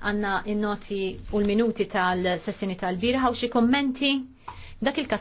għanna in-noti u l-minuti tal-sessjoni tal-birħa u xi kommenti dak il-kas